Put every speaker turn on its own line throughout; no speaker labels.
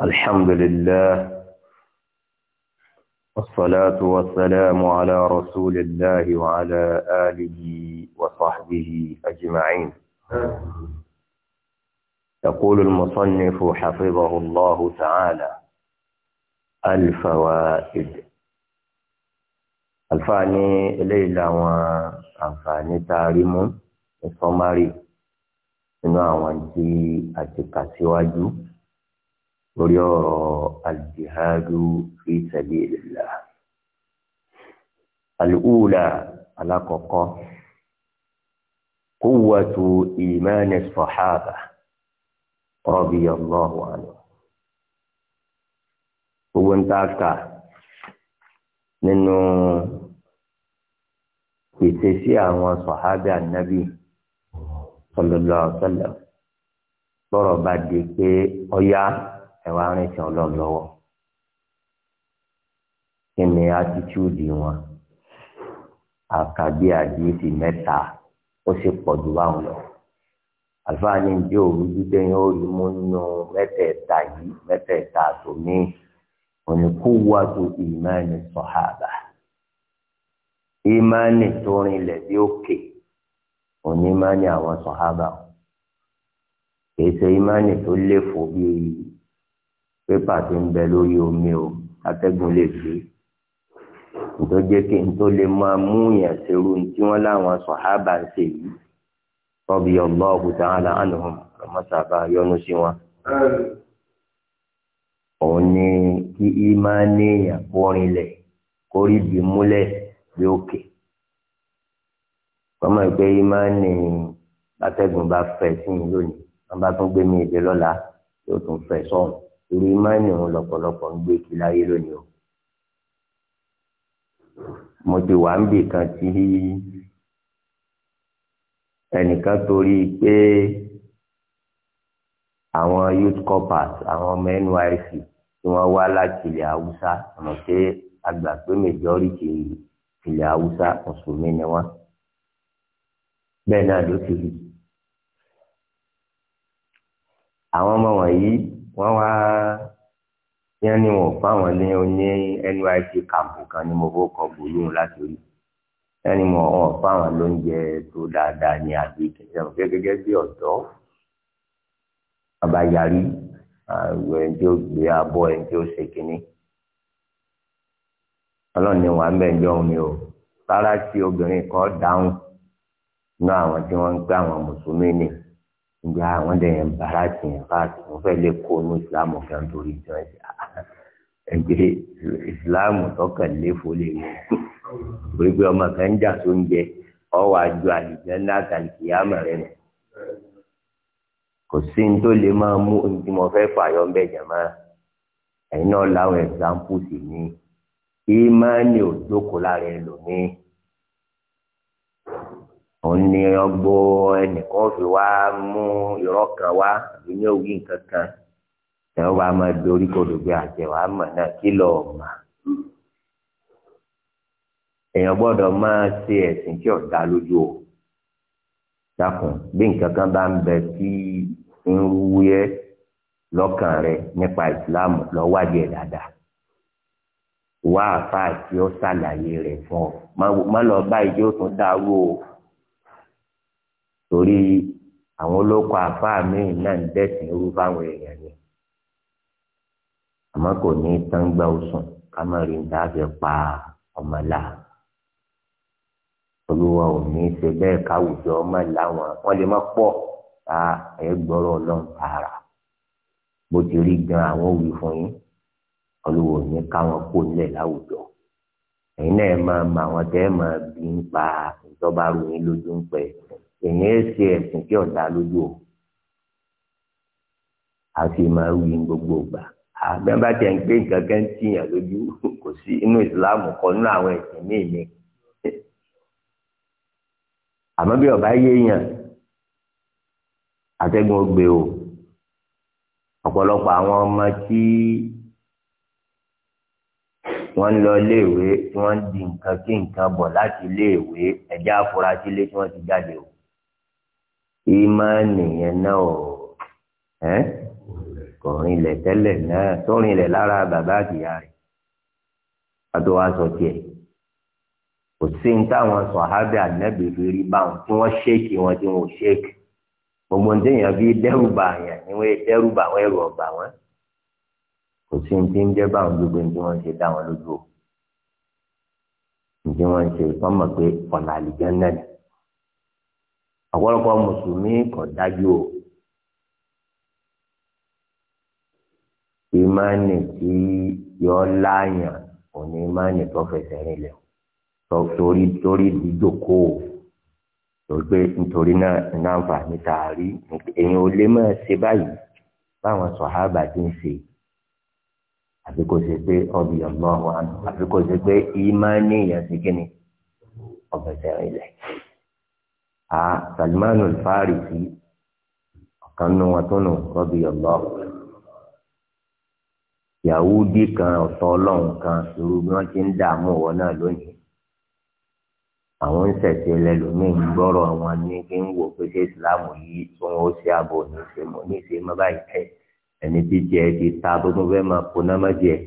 الحمد لله والصلاة والسلام على رسول الله وعلى آله وصحبه أجمعين يقول المصنف حفظه الله تعالى الفوائد الفاني ليلى وأنفاني تعلم الصماري إنه أنت أتكاسي واجب وليورو الجهاد في سبيل الله الأولى على قوة قوة إيمان الصحابة رضي الله عنه هو انتاكا ننو في تسيع وصحابة النبي صلى الله عليه وسلم ضرب ديكي أياه ẹ wá rìn sí ọlọ́run lọ́wọ́ kí ni attitude wọn àkàbí àdìsí mẹ́ta ó sì pọ̀ jù báwọn lọ àlùfáà ní ìdí òru dídé yẹn ó rí mú nínú mẹ́tẹ̀ẹ̀ta yìí mẹ́tẹ̀ẹ̀ta tó ní oníkúwàtò ìmáàní sọ̀hábà ìmáàní tó rinlẹ̀ bí òkè onímáàní àwọn sọ̀hábà kì í ṣe ìmáàní tó léfò bíi pépà ti ń bẹ lórí omi o atẹ́gùn lè fi ntọ́jé kí n tó lè máa mú yàn ṣerú tí wọ́n láwọn sọ̀hábà ń ṣe yìí tọ́bi Allahu ta'ala anhum ọmọṣàbà yọ́nú sí wọn. òun ni kí ìmánì yàn kórin lẹ̀ kórí bí múlẹ̀ bí òkè. kọ́mọ̀ ìpè ìmánì látẹ̀gùn bá fẹ̀ sí yìí lónìí wọ́n bá tún gbé mi ìdè lọ́la yóò tún fẹ̀ sọ́hùn irú imáni òun lọ́pọ̀lọpọ̀ ń gbé kí láyé lónìí o mo ti wà ń bì kan tí ẹnìkan torí pé àwọn youth corpers àwọn ọmọ NYSC tí wọ́n wá láti ilẹ̀ haúsá ọ̀nà pé àgbà pé majority ilẹ̀ haúsá mùsùlùmí ni wọ́n bẹ́ẹ̀ náà ló ti rí àwọn ọmọ wọ̀nyí wọ́n wá yẹn ni wọ́n fáwọn ní oní NYC kàmpù kan ní mo bó kọ bòlú láti orí yẹn ni wọ́n fáwọn lóúnjẹ tó dáadáa ní àbí kẹsàn-án gẹ́gẹ́ bí ọ̀dọ́ ọba yarí àwọn ẹni tí ó gbé abọ́ ẹni tí ó ṣe kínní ọlọ́ọ̀ni wà ń bẹ̀ ń jọ o rárá tí obìnrin kan dáhùn náà àwọn tí wọ́n ń pẹ́ àwọn mùsùlùmí nìyí ìgbà àwọn dẹ̀ yẹn bàrà tì yẹn káàkiri wọ́n fẹ́ lè kó inú ìsìlámù kan torí ìjọ ah, ah, ẹgbẹ́ ìsìlámù tọkàn léfò lè mú torí pé ọmọ kan ń jà tó ń jẹ ọwọ́ àjọ àlìjẹ́ ńlá kàlìkìyàmọ̀ rẹ̀ nù kò sí ní tó lè máa mú ohun mo fẹ́ fàyọ ń bẹ̀ jàmá ẹ̀yin náà láwọn ẹ̀sáǹpù sì ní ìmánì ò jókòó lára ẹlòmíì òun ni ọgbó ẹnìkan fi wá mú irọ́ kan wá àbí ní òwì nǹkan kan ẹ wá máa dorí kodò bí àjẹwà mọ̀ náà kí lọ́ọ́ mà èèyàn gbọ́dọ̀ máa ṣe ẹ̀sìn tí ọ̀dà lójú o dákun bí nǹkan kan bá ń bẹ tí ń wúyẹ́ lọ́kàn rẹ nípa ìsìláàmù lọ wádìí ẹ̀ dáadáa wá àfáà tí ó ṣàlàyé rẹ̀ fún ọ má lọ báyìí yóò tún dàrú o torí àwọn olóko àfáà míì náà ń dẹ́sìn irú fáwọn èèyàn ni àmọ́ kò ní tángbà òsùn ká má rí níta fi pa ọmọlá olúwa ò ní ṣe bẹ́ẹ̀ káwùjọ ọmọ làwọn wọ́n lè má pọ̀ ta ẹgbọ́rọ̀ ọlọ́run tààrà bó ti rí gan àwọn òwì fún yín olúwa ò ní káwọn kó lẹ̀ láwùjọ ẹ̀yin náà máa ma àwọn tẹ́ máa bí ń pa ìjọba ròyìn lójú ń pẹ̀ ẹ̀sìn. èèyàn ṣe ẹ̀sìn kí ọ̀dà lójú o a sì máa wí gbogbo ìgbà àbẹ́bá tẹ̀ ń gbé nǹkan kan lójú kò sí inú ìsìláàmù kọ nínú àwọn ẹ̀sìn míì ni àmọ́ bí ọba ogbe o ọ̀pọ̀lọpọ̀ àwọn ọmọ tí lọ iléèwé tí wọ́n di nǹkan kí nǹkan bọ̀ láti iléèwé ẹ̀já tí wọ́n ti jáde o. ìmánì yẹn náà ò ẹ́ kò rinlẹ̀ tẹ́lẹ̀ náà tó rinlẹ̀ lára bàbá àtìyá rẹ̀ àti wàá sọ tiẹ̀ kò sí ní táwọn sọ̀hábì ànábì fi rí báwọn tí wọ́n ṣéèkì wọn tí wọ́n ò ṣéèkì gbogbo ní èèyàn fi dẹ́rù bà yàn ni wọ́n dẹ́rù bà wọ́n ẹ̀rù ọ̀bà wọn kò sí ní tí ń jẹ́ báwọn gbogbo ní tí wọ́n ṣe dá wọn lójú ní tí wọ́n ṣe wọ́n pé ọ̀nà àlìjẹ́ náà ni ọ̀pọ̀lọpọ̀ mùsùlùmí kò dájú o. ìmánì tí yọ láàyàn òní ìmánì tó fẹsẹ̀ rinlẹ̀ torí torí dídòkó lórí nítorí náà náǹfààní tá a rí èyàn ò lè máa ṣe báyìí báwọn sọ̀hábà ti ń ṣe àfi kò ṣe pé ọbì ọlọ́run àná àfi kò ṣe pé ìmánì yẹn ti kíni ọ̀fẹsẹ̀ rinlẹ̀ a Salman al-Farisi ọ̀kan nu wọn tó nù rọ́bì ọ̀lọ́ Yahudi kan ọ̀tọ̀ ọlọ́run kan irú bí wọ́n ti ń dààmú wọn náà lónìí àwọn ń ṣẹ̀ṣẹ̀ lẹ́lòmíì ń gbọ́rọ̀ wọn ń wò pé ṣé Islam yìí tí wọ́n ṣe ààbò ní ìṣe mọ́ ní ìṣe mọ́ báyìí ẹni tí jẹ́ ti ta tó tún máa poná mọ́ jẹ́ ẹ̀.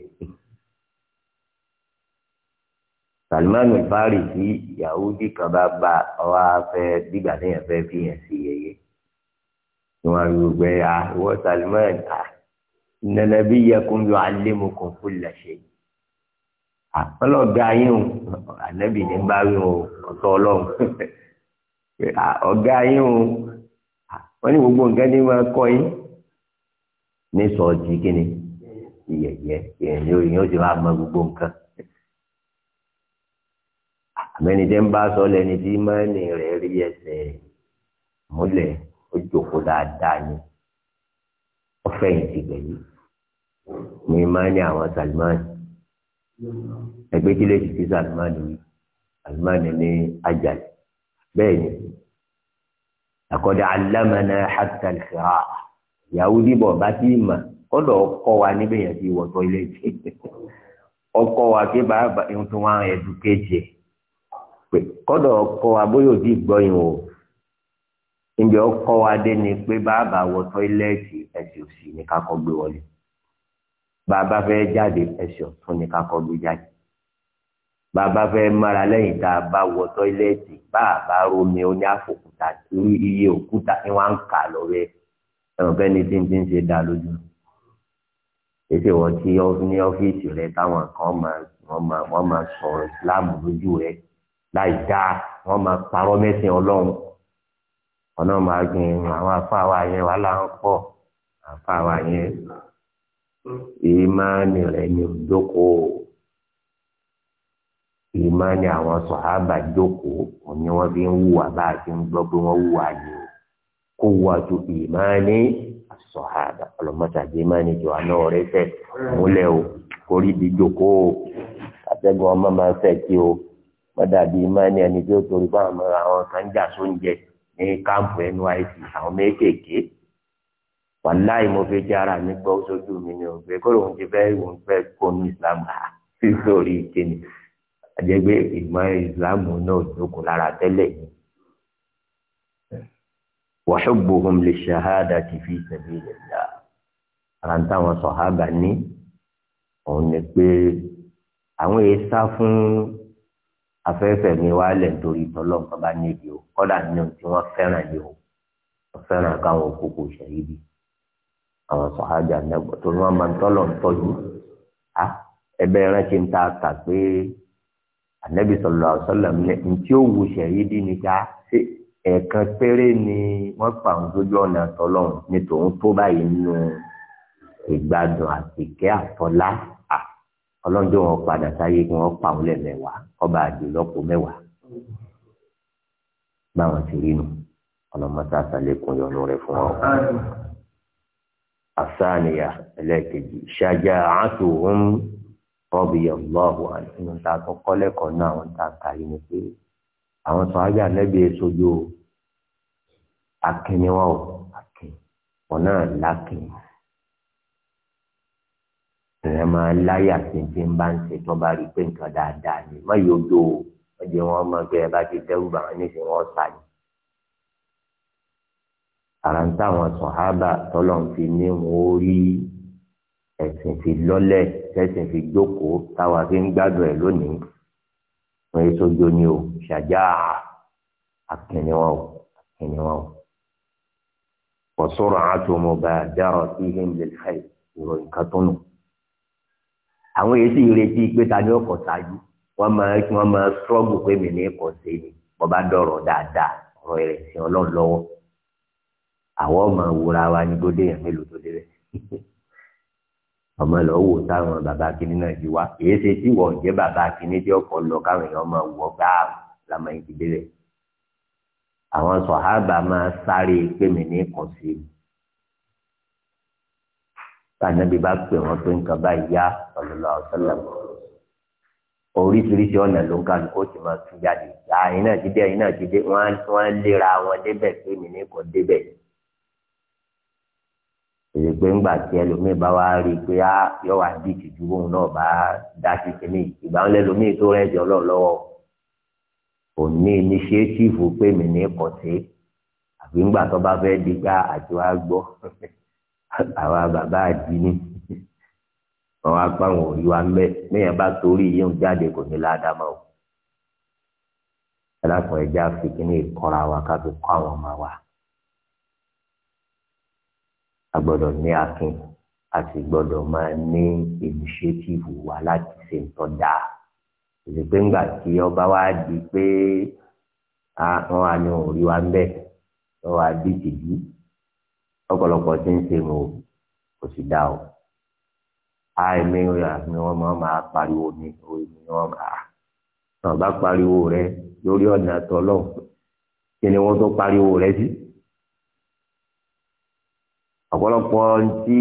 Salman al-Farisi Yahudi kan bá ba ọwọ́ afẹ́ dìgbà téèyàn fẹ́ fi hàn sí yẹyẹ ni wọ́n rí gbogbo ẹ̀ ah ìwọ Salman ah inna nabiyyakum yu'allimukum kulla shay ah, ọlọ́ọ̀gá yín o ànábì ní bá rí o ọ̀tọ̀ ọlọ́run ah, ọ̀gá yín o ah, wọ́n ní gbogbo nǹkan ní máa kọ́ yín ní sọ̀ọ́jì kí ni ìyẹ̀yẹ̀ ìyẹn ni ti máa mọ gbogbo nǹkan àmẹ́ni tẹ́ ń bá sọ lẹ́ni tí mọ́ẹ́nì rẹ̀ rí ẹsẹ̀ múlẹ̀ ó jòkó dáadáa ni ó fẹ̀yìntì gbẹ̀yìn ní mọ́ẹ́nì àwọn Salman ẹgbẹ́ tí lè ti fi Salman wí Salman ní ajal bẹ́ẹ̀ ni àkọ́dá alámànà hatta al-qira'a Yahudi bá ti mà kọ́dọ̀ ọkọ̀ wa níbẹ̀ yẹn ti wọ̀ ilé ọkọ̀ wa kí bàbá ẹ̀hún tí wọ́n á ẹ̀dùkéjì ẹ̀ pé kọ́dọ̀ ọkọ abóyòdì gbọ́yìn o ǹjẹ́ ọkọ wa dé ni pé bàbá wọ tọ́ílẹ̀tì ẹ̀sìn òsì ní kakọ́ gbé wọlé bàbá fẹ́ jáde ẹ̀sìn ọ̀tún ní kakọ́ gbé jáde bàbá fẹ́ mara lẹ́yìn tá a bá wọ tọ́ílẹ̀tì bàbá romi oní àfòkúta iye òkúta ni wọ́n ń kà lọ́rẹ́ ẹ̀wọ̀n fẹ́ni tí ń ti ń ṣe dá lójú èsì wọ́n ti ní ọ́fíìsì rẹ táwọn kan wọ́n máa sọ̀rọ̀ ìsìláàmù lójú rẹ̀ láì dáa wọ́n máa parọ́ mẹ́sìn ọlọ́run ọ̀nà máa gbin àwọn afáwa yẹn wàhálà ń pọ̀ afáwa yẹn ìmánì rẹ̀ ní ìjókòó ìmánì àwọn sọ̀hábà jókòó òní wọ́n fi ń wùwà bá a ti ń gbọ́ pé wọ́n wùwà yìí kó wùwà tó ìmánì sọ̀hábà ọlọ́mọṣàgbé ìmánì jọ àná ọ̀rẹ́ fẹ́ múlẹ̀ o kórìí di jókòó àtẹ́gùn ọmọ máa fẹ́ kí o padà bí imáni ẹni tí ó torí bá àwọn àwọn kan jà sóúnjẹ ní káàmpù NYSC àwọn méjèèké wàláì mo fi jẹ ara mi gbọ́ sójú mi ni òun fẹ́ kó lóun ti fẹ́ òun fẹ́ kó ní Islam rà sísòrí kíni àjẹgbé ìmọ̀ Islam náà jókòó lára tẹ́lẹ̀ yìí. وحبهم للشهادة في سبيل الله ara ń táwọn sọ̀hábà ní òun ni pé àwọn èèyàn sá fún afẹ́fẹ́ mi wá lẹ̀ nítorí tọ́lọ́mù bá níbi o kọ́dà nínú tí wọ́n fẹ́ràn yìí o wọ́n fẹ́ràn káwọn òkúkú ṣàhídì àwọn sọ̀hájà nẹ́gbọ̀n tó ní wọ́n máa ń tọ́lọ̀ ń tọ́jú á ẹbẹ́ rántí ń ta kà pé ànẹ́bí sọ̀lọ̀ àṣọlọ̀ ní tí ó wù ṣàhídì ní ká ẹ̀ẹ̀kan péré ni wọ́n pa àwọn sójú ọ̀nà tọ́lọ́run ní tòun tó báyìí nínú ìgbádùn àtìkẹ́ àtọ́lá ọlọ́njọ́ wọn padà sáyé kí wọ́n pa òun lẹ́mẹ̀wàá ọba àjòlọ́pọ̀ mẹ́wàá báwọn ti rí nu ọlọ́mọta sàlékún yọnu rẹ̀ fún ọ. asaniya ẹlẹ́ẹ̀kejì ṣáájà àtúwọ́n rọ́bì ọlọ́ọ̀bù àìsàn tá a tún kọ́lẹ́kọ̀ọ́ náà àwọn tá a kà yìí ni pé àwọn sọ ayé àlẹ́bí sojú akin ò akin wọn náà lákin èèyàn máa láyà tìǹtì ń bá ń ṣe tó bá rí i pé nǹkan dáadáa ni má yóò do o wọ́n jẹ́ wọ́n mọ̀ pé ẹ bá ti dẹ́rù bá wọn níṣẹ́ wọ́n sá ni. àrà ń táwọn sọ̀hábà tọ́lọ̀ ń fi ní wọn ó rí ẹ̀sìn fi lọ́lẹ̀ tẹ̀sìn fi jókòó táwa fi ń gbádùn ẹ̀ lónìí wọ́n yé sójó ni o ṣàjá akínníwọ̀n o wọ́n sọ̀rọ̀ àtúmọ̀ bá dára sí him lè ìròyìn kan tó nù àwọn èyí sì retí pé ta ni ó kọ ṣáájú wọn máa kí wọn máa struggle pé mi ní kọ sí ni wọn bá dọ̀rọ̀ dáadáa ọ̀rọ̀ rẹ̀ sí Ọlọ́run lọ́wọ́ àwọn máa wúra wa ní gbódé yẹn mélòó tó débẹ̀ ọmọ lọ wò táwọn bàbá kìnínní náà ti wá èyí ṣe tí wọn jẹ bàbá kìnínní tí ọkọ lọ káwọn èèyàn máa wọ gbáà làmọ ìdílé rẹ àwọn sọhábà máa sáré pé mi ní kọ sí i Kanabi bá pè wọn pé nǹkan bá yá ọlọlọ ọsọlọ oríṣiríṣi ọ̀nà ló ń kálukó ti máa tún jáde àyìn náà ti dé àyìn náà ti dé wọn wọn léra wọn débẹ̀ pé mi ní kò débẹ̀ èyí pé ńgbà tí ẹlòmíì bá wá rí i pé á yọ wá bí ìtìjú bóun náà bá dá sí kìíní ìgbà wọn lẹlòmíì tó rẹ̀ jọ lọ́wọ́ kò ní iníṣẹ́tìfù pé mi ní kọ̀tí àfi ńgbà tó bá fẹ́ di àti wá gbọ́ àwa bàbá àdínní wọn wá pa àwọn òrí wa mẹyàn bá torí yíyan jáde kò ní ládàmọ o ẹlẹ́kùn ẹ̀jẹ̀ àfikínní ìkọ́ra wa ká fi kọ́ àwọn ọmọ wa a gbọ́dọ̀ ní akin a sì gbọ́dọ̀ máa ní initiative wa láti ṣe nǹkan dáa ìdìpé ńgbà tí ọba wa di pé wọn wà wa ń bẹ wọn wà bí ọ̀pọ̀lọpọ̀ tí ń ṣe mọ kò sì dá o àìmí ni wọn máa pariwo ni orí ni wọn máa náà bá pariwo rẹ lórí ọ̀nà tọ́lọ̀ kí ni wọ́n tó pariwo rẹ sí. ọ̀pọ̀lọpọ̀ tí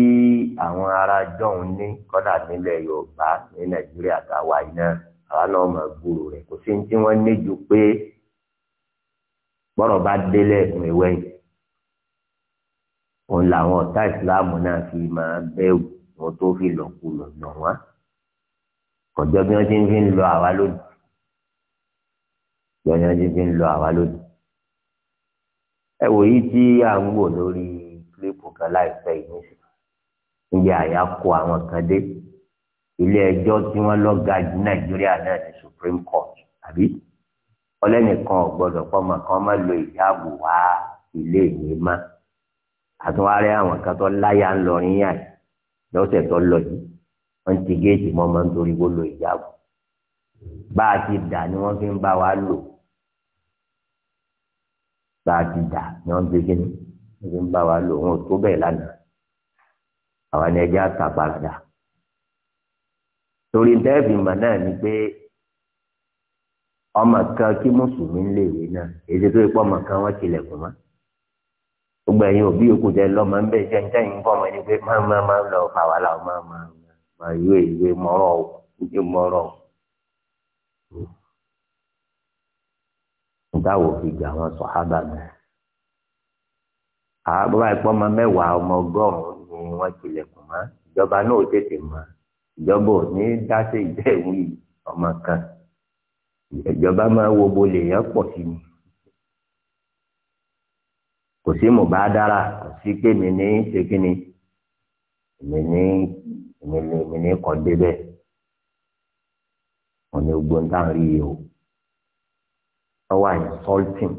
àwọn ará jọ̀hún ní kọ́dà nílẹ̀ Yorùbá ní Nàìjíríà táwa iná àwa náà máa gbúrò rẹ̀ kò sí ní tí wọ́n ní ju pé bọ́rọ̀ bá délẹ̀ ìwẹ̀yìn òun làwọn ọ̀tá ìsìláàmù náà fi máa bẹ̀rù wọn tó fi lọ́kùlọ̀ nà wá kọjọ bí wọn ti fi ń lọ àwa lódì bí wọn ti fi ń lọ àwa lódì ẹ wò yí tí à ń wò lórí kílípù kan láìpẹ́ yìí nísìn níbi àyà kó àwọn kan dé ilé ẹjọ́ tí wọ́n lọ́gà jù nàìjíríà náà ní supreme court àbí ọlẹ́nìkan ò gbọ́dọ̀ pọ́ mọ̀ kán má lo ìdáàbò wá ilé ìwé má àtúwárẹ́ àwọn kan tó láyà ń lọ rìn yàn lọ́sẹ̀ tó lọ yìí wọ́n ti géètì mọ́ máa ń torí wó lo ìyàwó bá a ti dà ni wọ́n fi ń bá wa lò bá a ti dà ni wọ́n fi kí ni wọ́n fi ń bá wa lò wọn tó bẹ́ẹ̀ lánàá àwa ni ẹjẹ́ àtàparadà torí dẹ́ẹ̀bì mọ̀ náà ni pé ọmọ kan kí mùsùlùmí ń léwé náà èyí tó yẹ pé ọmọ kan wọ́n tilẹ̀kùn mọ́ gbogbo ẹ̀yin òbí yòókù jẹ lọmọ ń bẹ jẹ ń tẹyin ọmọ ẹni pé máa máa máa lọ fà wàhálà ọ máa máa máa yọ ìwé mọrọ o ìwé mọrọ o. ìdáwò fi gbà wọn sọ hábà mi. àbúrò àìpọ́ ọmọ mẹ́wàá ọmọ ọgọ́rùn-ún ni wọ́n tilẹ̀kùn mọ́ ìjọba náà tètè mọ́ ìjọba ò ní dáṣe ìjẹ́ ìwé ọmọ kan ìjọba máa wo bolè yẹn pọ̀ sí ni kò sí mùbádára kò sí pé mi ní ni, mi ní mi ní mi ní kọ́ débẹ̀ wọn ni gbogbo ń tàn rí yìí o ọwọ́ insulting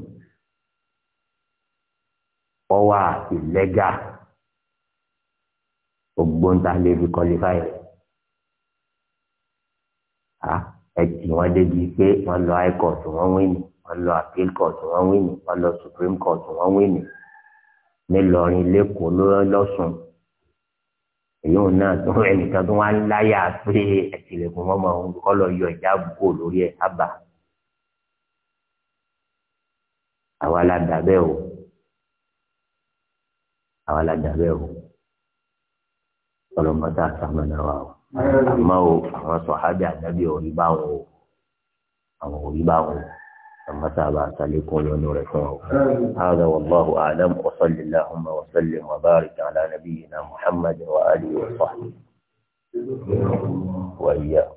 ọwọ́ illegal gbogbo ń tàn lè fi qualify rẹ̀ ẹ tì wọ́n débi pé wọ́n lọ high court wọ́n wí ni wọ́n lọ appeal court wọ́n wí ní wọ́n lọ supreme court wọ́n wí ní nílọrin lẹ́kọ̀ọ́ lọ́sùn èyí ò náà tó ẹnìkan tó wá ń láyà pé ẹtìlẹ̀kùn mọ́mọ́ òun kọ́ lọ yọ ìjà àbùkù lórí ẹ̀ ábà àwa la dà bẹ́ẹ̀ o àwa la dà bẹ́ẹ̀ o ọlọ́mọta sàmánà wa o àmọ́ o àwọn sọ̀hábì àdábì ò rí báwọn o àwọn ò rí o. فمتى ونور ونوركم هذا والله أعلم وصل اللهم وسلم وبارك على نبينا محمد وآله وصحبه وإياكم